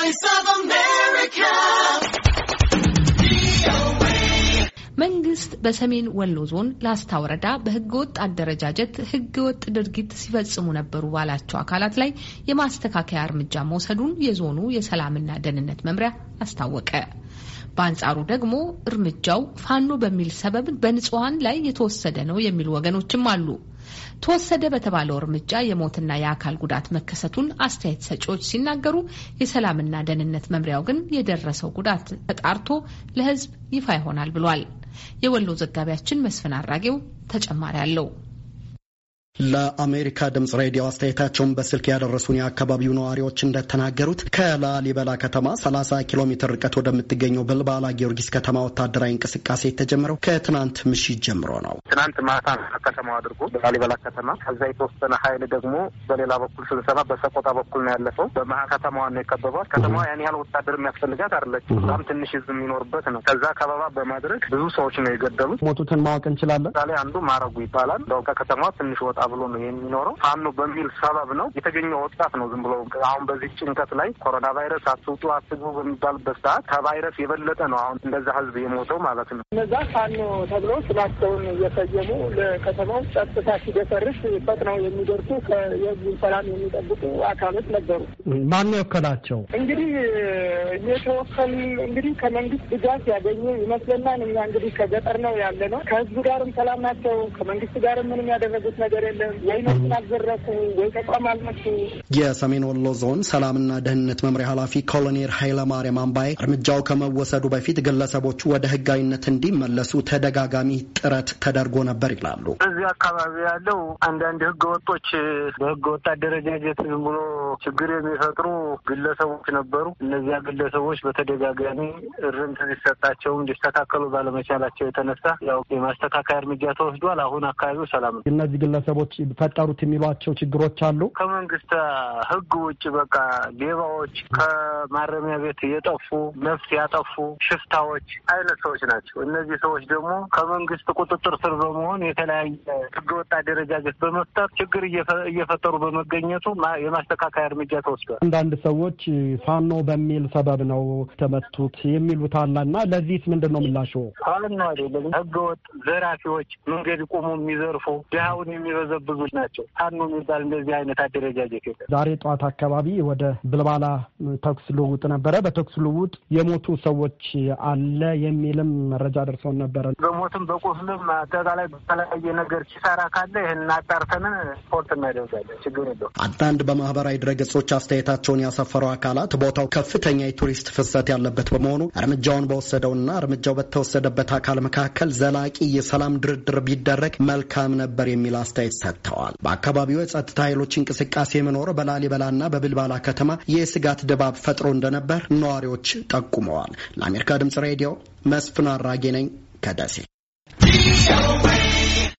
Voice of America. መንግስት በሰሜን ወሎ ዞን ላስታ ወረዳ በህገወጥ አደረጃጀት ህገወጥ ድርጊት ሲፈጽሙ ነበሩ ባላቸው አካላት ላይ የማስተካከያ እርምጃ መውሰዱን የዞኑ የሰላምና ደህንነት መምሪያ አስታወቀ። በአንጻሩ ደግሞ እርምጃው ፋኖ በሚል ሰበብ በንጹሐን ላይ የተወሰደ ነው የሚሉ ወገኖችም አሉ። ተወሰደ በተባለው እርምጃ የሞትና የአካል ጉዳት መከሰቱን አስተያየት ሰጪዎች ሲናገሩ፣ የሰላምና ደህንነት መምሪያው ግን የደረሰው ጉዳት ተጣርቶ ለሕዝብ ይፋ ይሆናል ብሏል። የወሎ ዘጋቢያችን መስፍን አራጌው ተጨማሪ አለው። ለአሜሪካ ድምጽ ሬዲዮ አስተያየታቸውን በስልክ ያደረሱን የአካባቢው ነዋሪዎች እንደተናገሩት ከላሊበላ ከተማ 30 ኪሎ ሜትር ርቀት ወደምትገኘው በልባላ ጊዮርጊስ ከተማ ወታደራዊ እንቅስቃሴ የተጀመረው ከትናንት ምሽት ጀምሮ ነው። ትናንት ማታ ከተማ አድርጎ በላሊበላ ከተማ፣ ከዛ የተወሰነ ሀይል ደግሞ በሌላ በኩል ስንሰማ በሰቆጣ በኩል ነው ያለፈው። በመሀ ከተማዋ ነው የከበቧት። ከተማዋ ያን ያህል ወታደር የሚያስፈልጋት አለች። በጣም ትንሽ ህዝብ የሚኖርበት ነው። ከዛ ከበባ በማድረግ ብዙ ሰዎች ነው የገደሉት። ሞቱትን ማወቅ እንችላለን። ምሳሌ አንዱ ማረጉ ይባላል። ከተማዋ ትንሽ ወጣ ብሎ ነው የሚኖረው። ፋኖ በሚል ሰበብ ነው የተገኘው ወጣት ነው ዝም ብሎ አሁን በዚህ ጭንቀት ላይ ኮሮና ቫይረስ አትውጡ አትግቡ በሚባልበት ሰዓት ከቫይረስ የበለጠ ነው አሁን እንደዛ ህዝብ የሞተው ማለት ነው። እነዛ ፋኖ ተብሎ ስማቸውን እየሰየሙ ለከተማው ጸጥታ ሲደፈርስ ፈጥነው የሚደርሱ የህዝቡን ሰላም የሚጠብቁ አካሎች ነበሩ። ማን ወከላቸው? እንግዲህ እየተወከል እንግዲህ ከመንግስት ድጋፍ ያገኘ ይመስለናል። እኛ እንግዲህ ከገጠር ነው ያለ ነው። ከህዝቡ ጋርም ሰላም ናቸው። ከመንግስት ጋርም ምንም ያደረጉት ነገር አይደለም ወይ የሰሜን ወሎ ዞን ሰላምና ደህንነት መምሪያ ኃላፊ ኮሎኔል ማርያም አምባይ እርምጃው ከመወሰዱ በፊት ግለሰቦቹ ወደ ህጋዊነት እንዲመለሱ ተደጋጋሚ ጥረት ተደርጎ ነበር ይላሉ። እዚህ አካባቢ ያለው አንዳንድ ህገ ወጦች በህገ ወጥ አደረጃጀት ዝም ብሎ ችግር የሚፈጥሩ ግለሰቦች ነበሩ። እነዚያ ግለሰቦች በተደጋጋሚ እርምት ሊሰጣቸውም እንዲስተካከሉ ባለመቻላቸው የተነሳ ያው የማስተካከያ እርምጃ ተወስዷል። አሁን አካባቢው ሰላም ነው። እነዚህ ግለሰቦች ግለሰቦች ፈጠሩት የሚሏቸው ችግሮች አሉ። ከመንግስት ህግ ውጭ በቃ ሌባዎች፣ ከማረሚያ ቤት የጠፉ ነፍስ ያጠፉ ሽፍታዎች አይነት ሰዎች ናቸው። እነዚህ ሰዎች ደግሞ ከመንግስት ቁጥጥር ስር በመሆን የተለያየ ህገወጥ አደረጃጀት በመፍጠር ችግር እየፈጠሩ በመገኘቱ የማስተካከያ እርምጃ ተወስዷል። አንዳንድ ሰዎች ፋኖ በሚል ሰበብ ነው ተመቱት የሚሉት አለ እና ለዚህስ ምንድን ነው ምላሽ? ፋኖ አይደለም ህገወጥ ዘራፊዎች፣ መንገድ ቁሙ የሚዘርፉ ድሃውን የሚበዝ የሚበዘብዙ ናቸው። ፋኖ የሚባል እንደዚህ አይነት አደረጃጀት የለም። ዛሬ ጠዋት አካባቢ ወደ ብልባላ ተኩስ ልውውጥ ነበረ። በተኩስ ልውውጥ የሞቱ ሰዎች አለ የሚልም መረጃ ደርሰውን ነበረ። በሞትም በቁስልም አጠቃላይ በተለያየ ነገር ኪሳራ ካለ ይህን አጣርተን ስፖርት እናደርጋለን። ችግር የለውም። አንዳንድ በማህበራዊ ድረገጾች አስተያየታቸውን ያሰፈሩ አካላት ቦታው ከፍተኛ የቱሪስት ፍሰት ያለበት በመሆኑ እርምጃውን በወሰደውና እርምጃው በተወሰደበት አካል መካከል ዘላቂ የሰላም ድርድር ቢደረግ መልካም ነበር የሚል አስተያየት ሰጥተዋል። በአካባቢው የጸጥታ ኃይሎች እንቅስቃሴ መኖር በላሊበላና በብልባላ ከተማ የስጋት ድባብ ፈጥሮ እንደነበር ነዋሪዎች ጠቁመዋል። ለአሜሪካ ድምጽ ሬዲዮ መስፍን አራጌ ነኝ ከደሴ